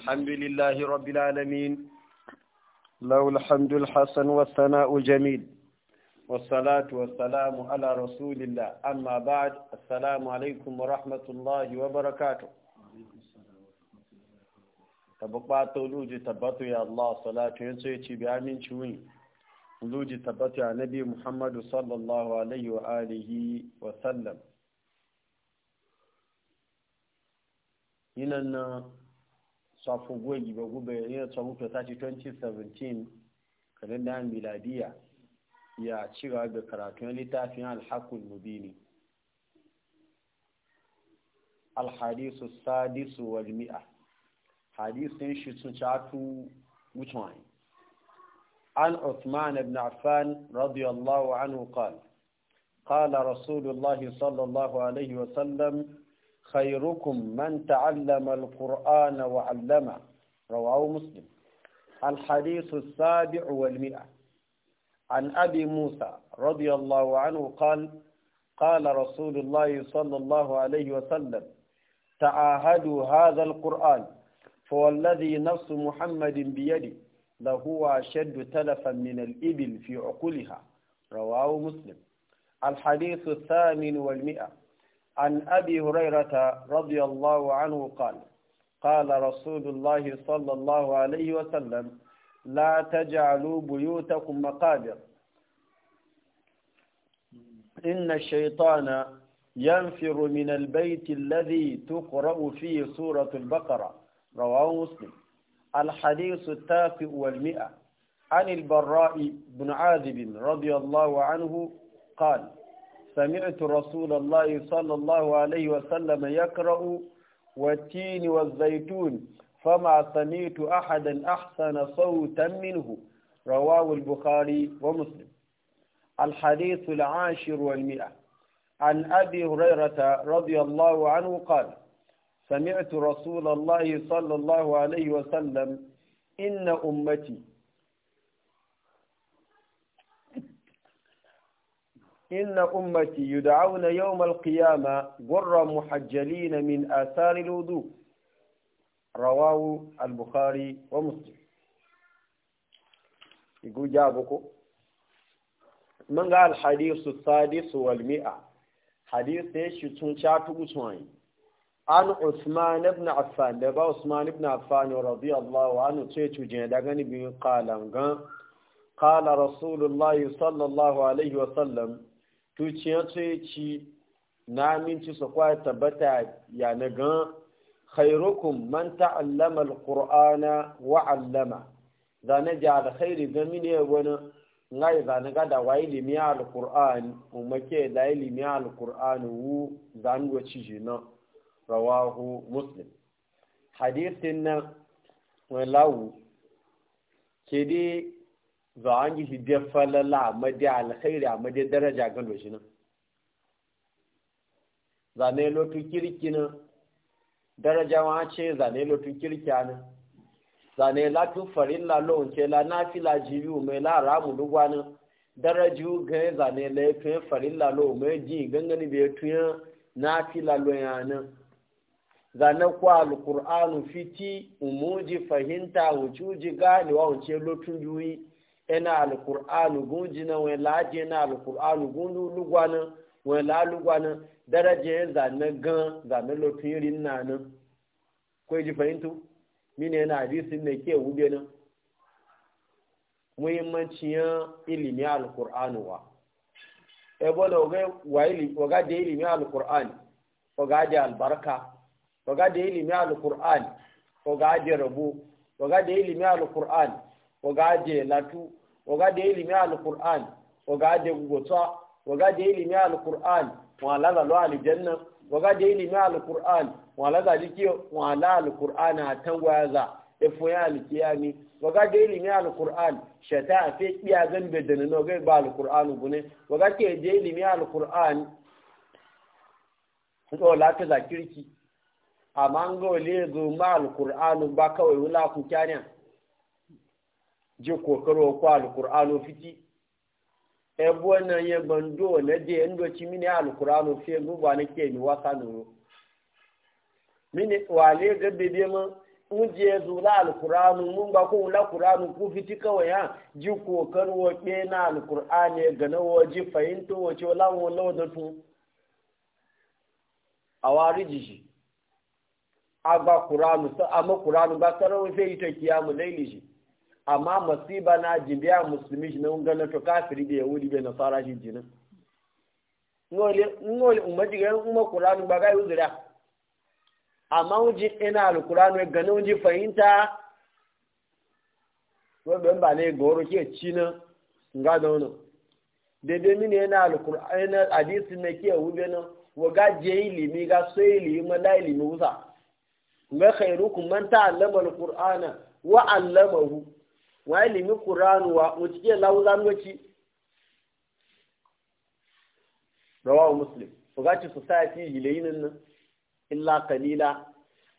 الحمد لله رب العالمين له الحمد الحسن والثناء الجميل والصلاة والسلام على رسول الله أما بعد السلام عليكم ورحمة الله وبركاته تبقى تولوجي تبطي يا الله صلاة ينسيتي بأمين شوين لوجي تبطي على نبي محمد صلى الله عليه وآله وسلم يننا safu gwaji ba gube ya tsawo ta ce 2017 kalendar miladiya ya ci gaba da karatu karatun littafin alhakul mubini alhadisu sadisu wal mi'a hadisin shi sun catu wucin an عثمان ibn عفان radiyallahu anhu عنه قال قال رسول الله صلى الله عليه وسلم خيركم من تعلم القرآن وعلمه رواه مسلم الحديث السابع والمئة عن أبي موسى رضي الله عنه قال قال رسول الله صلى الله عليه وسلم تعاهدوا هذا القرآن فوالذي نفس محمد بيده لهو أشد تلفا من الإبل في عقولها رواه مسلم الحديث الثامن والمئة عن أبي هريرة رضي الله عنه قال قال رسول الله صلى الله عليه وسلم لا تجعلوا بيوتكم مقابر إن الشيطان ينفر من البيت الذي تقرأ فيه سورة البقرة رواه مسلم الحديث التاسع والمئة عن البراء بن عاذب رضي الله عنه قال سمعت رسول الله صلى الله عليه وسلم يقرأ والتين والزيتون فما سمعت أحدا أحسن صوتا منه رواه البخاري ومسلم الحديث العاشر والمئة عن أبي هريرة رضي الله عنه قال سمعت رسول الله صلى الله عليه وسلم إن أمتي inna ummati yud'auna yawm al-qiyama gurran muhajjalina min athar al-wudu rawahu al-bukhari wa igu jabuko man ga al-hadith as-sadis wal mi'a hadith ya shi tun cha tugu an usman ibn affan da ba usman ibn affan radiyallahu anhu sai tu daga ni bi ga kala rasulullahi sallallahu alaihi wa sallam tuciyar sai ci na minci su kwa tabbata ya na gan khairukum man ta'allama alqur'ana wa 'allama zane ja alkhairi ga mine wani ngai zane ga da wa limi alqur'an umake da ilimi alqur'an wu zan go ci jina rawahu muslim hadithin na lawu kedi za a yi hidde falala a madi alkhairi a madi daraja gan shi nan zane lotun kirki nan daraja wa ce zane lotu kirki nan zane latun farilla lon ce la nafila jibiu mai la ramu lugwa nan daraju ga zane laifin la lon mai ji gangani bai tuyan la lon ya nan zane kwa alkur'anu fiti umuji fahimta wucuji wa wuce lotun juyi ena alkur'anu gunjina wai laje na alkur'anu gundu lugwana wai la lugwana daraja ya zane gan zane lofirin na nan ko ji fahimtu mini yana hadisin ne ke wube na nan muhimmancin ilimin alkur'anu wa ebo da waga da ilimin alkur'ani waga de albarka waga da ilimin alkur'ani waga da rabo de da ilimin alkur'ani waga de latu oga da ilimi alquran oga da gugota oga da ilimi alquran wa la la aljanna oga da ilimi alquran wa la da jiki wa la alquran tan waza ifo ya alkiyami oga da ilimi Alƙur'an shata fe kiya zan be da no ga ba alquran gune oga ke da ilimi alquran to la ta zakirki amma ngo le zo ma alquran ba kawai wala ku kyanya ji kokaro ko alkur'ano fiti ebe wannan ya gbando na je yan doci mini alkur'ano fiye gugba na ke mi wasa nuro mini wale gabe be ma. mun je zula alkur'ano mun ba ko la kur'ano ku fiti kawai ha ji kokaro ke na alkur'ani ga na waje fahimto wace wala wala da tun awari jiji agba kur'ano amma kur'ano ba sarawai sai ita kiyamu laili amma masiba na jimbiya musulmi shi na ungana to kafiri da yahudi bai nasara shi jinin ngole umaji ga umma qur'ani ba ga yuzura amma uji ina alqur'ani ga ganin uji fahimta ko ban ba ne goro ke cinin nga da wono de de mini ina alqur'ani hadisi ne ke ube no wa ga jeili mi ga soili ilimi da ilimi usa ga khairukum man ta'allama alqur'ana wa 'allamahu wa ilimi qur'anu wa mutike lawuzan goci rawahu muslim fugaci society hilayinin nan illa qalila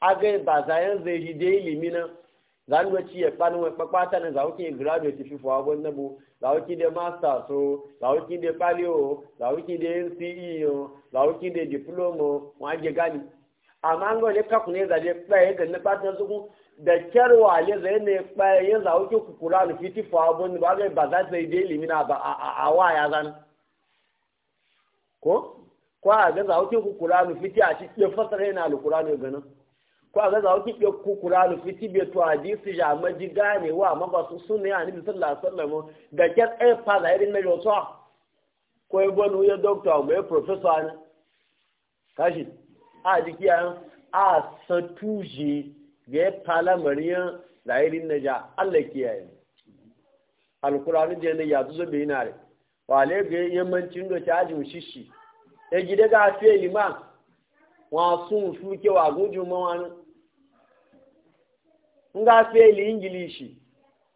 aga ba zayan zai ji dai ilimi nan zan goci ya fani wa papata nan za wuke graduate fi fuwa gon nabu za wuke da master so za wuke da o, za wuke da NCE za wuke da diploma wa je gani amma an gole kakune zaje tsaye ga na fatan zugu da kyarwa ya zai ne kpaya ya zawo ki kukura da fiti fa abun ba zai ba za ta yi daily mina ba a wa ya zan ko ko a ga zawo ki kukura da fiti a ci ya fasara yana alkura ne ganin ko a ga zawo ki ya kukura da fiti bai to hadisi ya maji gane wa amma ba su sunne ya ni sallallahu alaihi wasallam da kyar ai fa da irin na yoto ko ya bonu ya doctor mai professor kashi a dikiya a satuji ga ya fala mariya zahirin na ja Allah kiyaye alkurani je ne ya zuzo bai na re wale ga yammancin da ta ajin shishi e gida ga fiye lima wa sun suke wa gujin mawani nga fiye ingilishi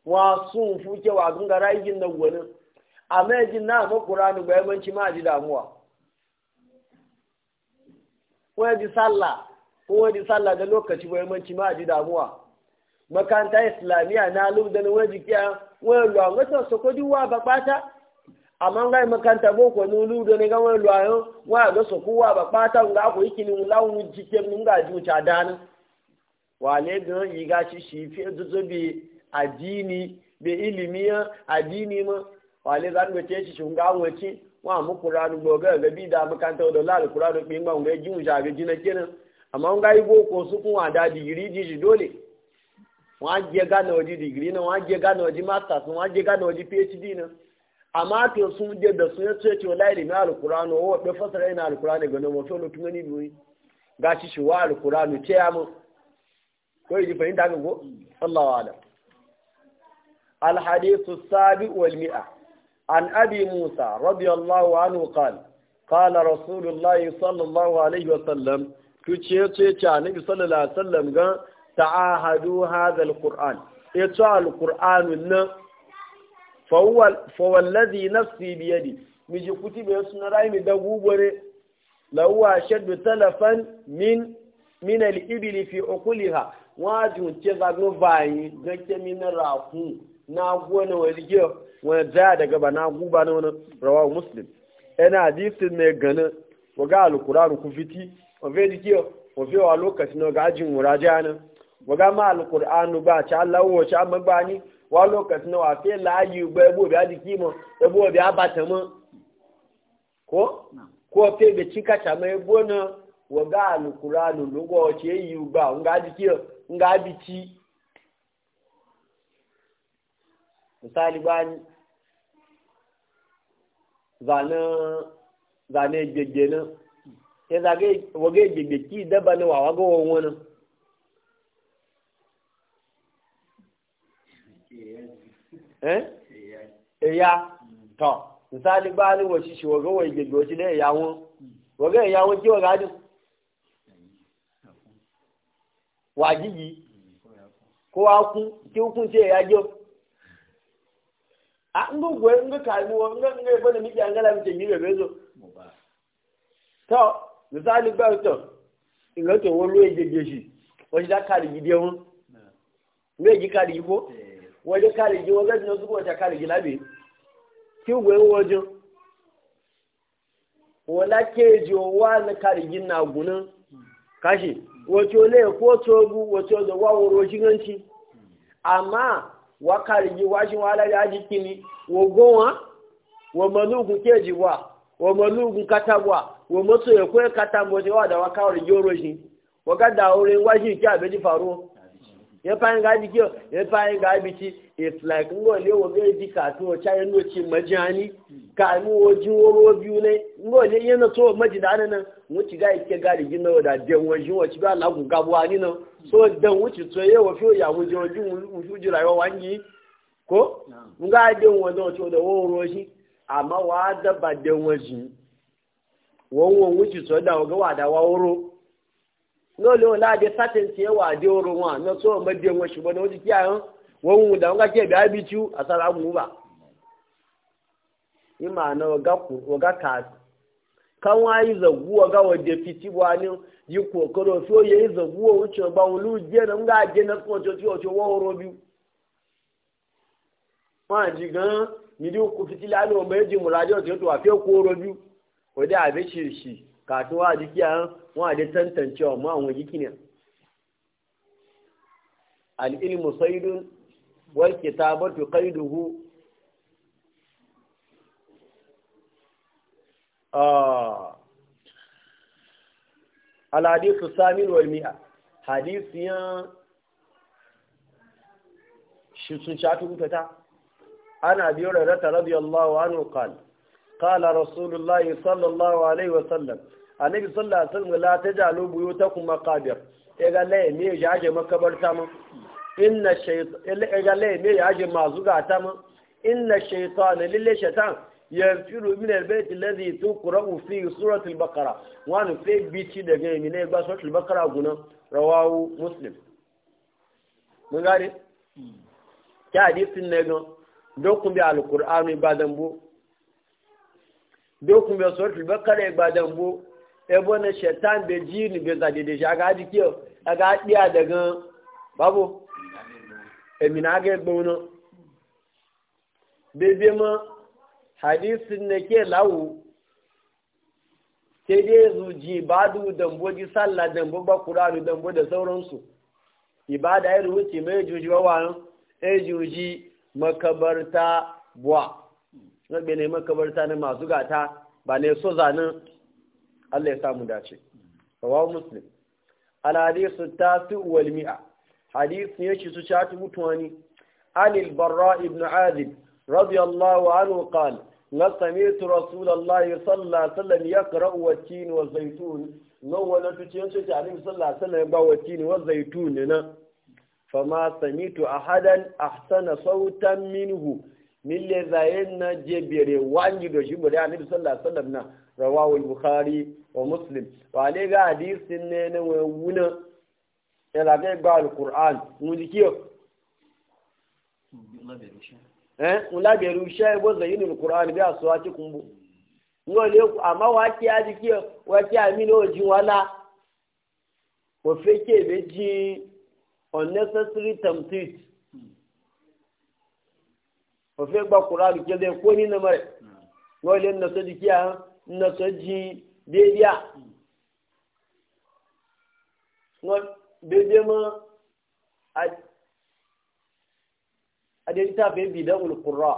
wa sun fuke wa gungara igin na gwanin a mejin na ma kurani ba yammanci e ma ji damuwa Wai e ji sallah wani sallah da lokaci muhimmanci ma ji damuwa makaranta islamiyya na lu da na wajen kiya wani luwa wata su kodi wa ba kpata amma ngai makaranta boko ni lu da ne ga wani luwa yau wa ga su ku ba kpata nga ku iki ni lawun jike ni nga ji wuce dana ga yi ga shi shi fi zuzu bi addini bi ilimi addini ma wale zan wace shi shunga wace wa mu qur'anu goga ga bi da makaranta da lalu qur'anu bi ma ngai ji wuce ga jina amma n gayi boko su kun wada digiri jiji dole wọn á je gánà ọjí digiri na wọn á je gánà ọjí masters wọn á jẹ gánà ọjí phd na amma to sun je da sun yace ce wallahi ilimi alqur'ani o da fasara ina alqur'ani ga nomo to lutun ni biyu ga shi shi wa alqur'ani ce ya mu ko yi fahimta ga go Allahu alam al hadithu sabi wal mi'a an abi musa radiyallahu anhu qala qala rasulullahi sallallahu alaihi wa sallam. tuciye ce ce annabi sallallahu alaihi wasallam ga ta'ahadu hadha alquran yato alquran nan fa huwa alladhi nafsi bi yadi miji bai yasu rai mi da gugure Lauwa, shaddu talafan min min al-ibli fi uquliha wajin ce zagno bayi gake min rafu na gona walige wani jaya daga ba na guba na wani rawa muslim yana hadisin ne ganin waga alkur'an ku fiti ofe jiki ofe wa lokaci na gajin muraja nan waga ma alkur'anu ba ci allah wo ci amma ba ni wa lokaci na wafe fe layi ba ebo bi ajiki mo ebo bi abata mo ko ko fe be cika ma mai ebo na waga alkur'anu lugo ci yi ba nga jiki nga bi ci misali ba ni zane zane gege nan ya zage wage gbegbeki daba ni wa waga wa wani ẹ̀yà eh? eh, tọ̀ misali bá ní wọ̀ ṣíṣe wọ̀gọ́ wọ̀ ìgbègbè òṣì lé ẹ̀yà wọn wọ̀gọ́ ẹ̀yà wọn tí wọ̀gá dùn wà jíjì kó wá kún tí ó kún tí ẹ̀yà jọ a ń gbogbo ẹ̀ ń gbé kàìmú wọn ń gbé ẹgbẹ́ ní méjì àńgálà mi tèmi rẹ̀ bẹ́ẹ̀ tọ́ misali gbẹ́ọ̀tọ̀ ìrẹ́tọ̀ wọn ló èjì gbèsè wọ́n ti dá káàdì yìí dé wọn ló èjì káàdì yìí kó wọ́n dé káàdì yìí wọ́n gẹ́gẹ́ ní oṣù kọ̀ọ̀tà káàdì lábẹ́ tí ó ń wọ́n lá kéèjì wá ní káàdì yìí nà gùn náà káṣí wọ́n tí wọ́n wo moto ya kwe kata mbote wa da waka wani yoro shi waka da wurin washi ya fayin ga biki ya ga like ngo le wo ga ji ka to cha yin no ci majani ka mu ji wo biyu ne ngo le yin to maji da nan ga ike ga ri gina da den wo ga wa so dan wuci fi ya wo ji ji ko ga wọ́n wíṣù sọ́dá ọgọ́ wà dáwà oró lóòlò láàdé sátẹ̀ǹtì ẹwà àdé oró wọn àná tó ọmọ ẹdí wọn ṣùgbọ́n ga wọ́n ti kí a wọ́n wù dáwọn ká jẹ̀bi àbí tú àsàrà mú bà. ìmọ̀ àná ọ̀gá kàásì káwọn àìzọ̀gbú ọ̀gá fi fìtí wa ní yípo òkòrò tí ó yẹ ìzọ̀gbú òun tí ọba òun ló jẹ́ náà ńgá jẹ́ náà fún wadda abin shi shi kasuwa a jiki a wa da tantancewa ma wa jiki ne al'ilmu saidun wal kitabatu dubu. Ah. alhadisu samin wal mi'a ya shi sun shatu ta. ana biyo da radiyallahu anhu qala qala rasulullahi sallallahu alaihi wasallam annabi sallallahu alaihi wasallam la tajalu buyutakum maqabir e ga lai me ya je makabarta mu inna shaytan e ga lai me ya je mazuga ta mu inna shaytan lil shaytan yafiru min albayt alladhi tuqra'u fi surati al-baqara wa an fi bici daga mi ne ba surati al-baqara guna rawahu muslim mun gare ta hadisin ne ga dokun bi al-qur'ani badan bu dokun bai sauti ba kare ba dambo ebo na shaitan bai ji ni bai zade da shi a ka kiyo aga diya daga babu emina aga egbe wani bebe ma hadisin na ke lawo ke dai ba badu dambo ji sallah dambo ba kuranu dambo da sauransu ibada ya wuce mai juji wawan ejuji eh makabarta buwa na bene makabarta na masu gata ba ne so zanen Allah ya samu dace rawahu muslim al hadithu tasu wal mi'a hadith ne shi su chatu mutuwani anil barra ibn azib radiyallahu anhu qala na samitu rasulullahi sallallahu alaihi wasallam yaqra'u wat-tin wa zaytun lawa wala tuciyan ce ta annabi sallallahu alaihi wasallam ba wat-tin wa zaytun na fama samitu ahadan ahsana sautan minhu mille zayen na bere wani da shi bari ne sallallahu alaihi wasallam na rawahu bukhari wa muslim wa ne ga hadisin ne na wuna ya la ga ba alquran mun ji kiyo eh mun la be rusha bo zayin alquran bi aswati kumbu ngo le amma wa ki aji kiyo wa ki amini ji wala ko ke be ji unnecessary temptation òfin gba kuraani kéde kó ní nàmà rẹ wọn lé nnọsọ di kí a nnọsọ jí déédé a wọn déédé mọ adéyítà fẹ bìdá olùkura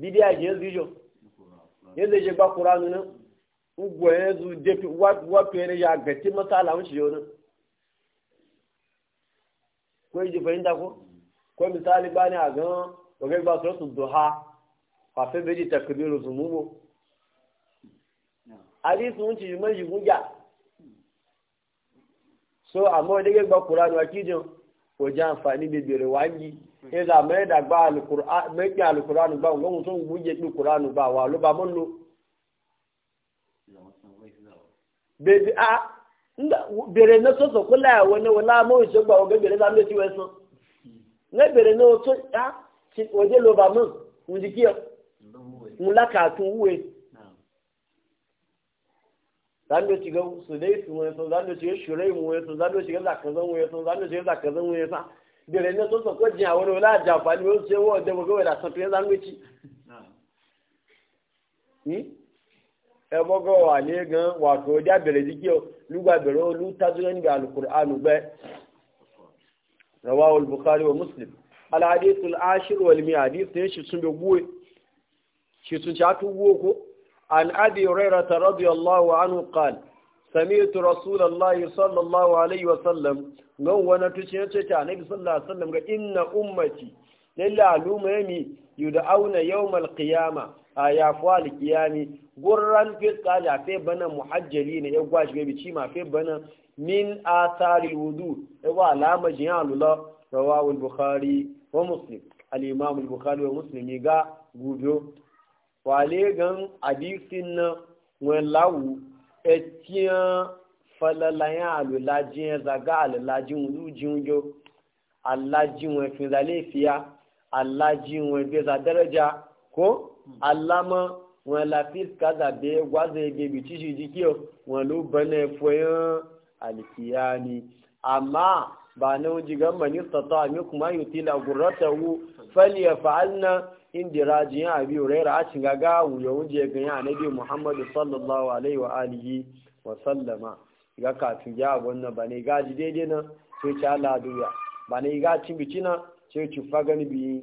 bìdí àjẹ ẹzíjọ yẹn lè ṣe gba kuraani náà ń gbọ ẹ zu dépi wá péré yà gẹtí mọsálà ń ṣiyọ náà kó ẹ jẹ fẹyìntà ko. ko misali ba ne a gan wagai ba su duha kafin beji takbiru zumumo ali sun ci man ji gunja so amma wadda gagba kuranu a kijin wajen amfani da bere wangi ya zama ya dagba alukuranu ba wani mutum guje ɗin kuranu ba wa lo ba mun lo bere na sosa kula ya wani wala mawuce ba wagai bere zama ya ci wai sun lẹ́bẹ̀rẹ̀ náà tó yá wọ́dé ló bá mọ̀ ń di kí ọ ń lákàtún wúwe. zando shiga sudai su sun zando shiga shirai mu sun zando shiga zakazan wani sun zando shiga zakazan wani sa bere ne to ko jin a wani wala jafani wani sai wa da bugawa da sanfiya zando ci ẹ bọ́gọ́ wà ní gan wàtò ọjà bẹ̀rẹ̀ sí kí ọ lúgbà bẹ̀rẹ̀ olú tájú ga alukùránù bẹ́ẹ̀. rawahu bukhari wa muslim al-hadith al-ashir wal shi sun ci atu guwe an abi hurairah radiyallahu anhu qala sami'tu rasulullahi sallallahu alaihi wa sallam gan wani tuci ya ce ta sallam ga inna ummati lalla aluma yami yud'auna yawmal a ya kwali kiyami gurran fiska ya fe bana muhajjali ne ya gwaji gabi ci ma fe bana min asari wudu ya wa alama lula da rawawul bukhari wa muslim al-imam bukhari wa muslim ga gudo wale gan hadisin na wani lawu etiyan falalayan alula jiyan zaga alula jin wudu jin jo alaji fi zale fiya alaji wen beza daraja ko Hmm. alama wọn la fiska zabe gwaze gebi cishi o wọn ló bane foyan alkiyani amma ba na wuji gamba ni a mi kuma yi tila gurrata wu fali ya fa'alna indi rajin ya biyu raira a cin gaga wuya ya ganyi a nabi muhammadu sallallahu alaihi wa alihi wa sallama ga kafin ya wannan ba ne gaji daidai na sai ci ala duya ba ne ga cin bici na sai ci fagani biyi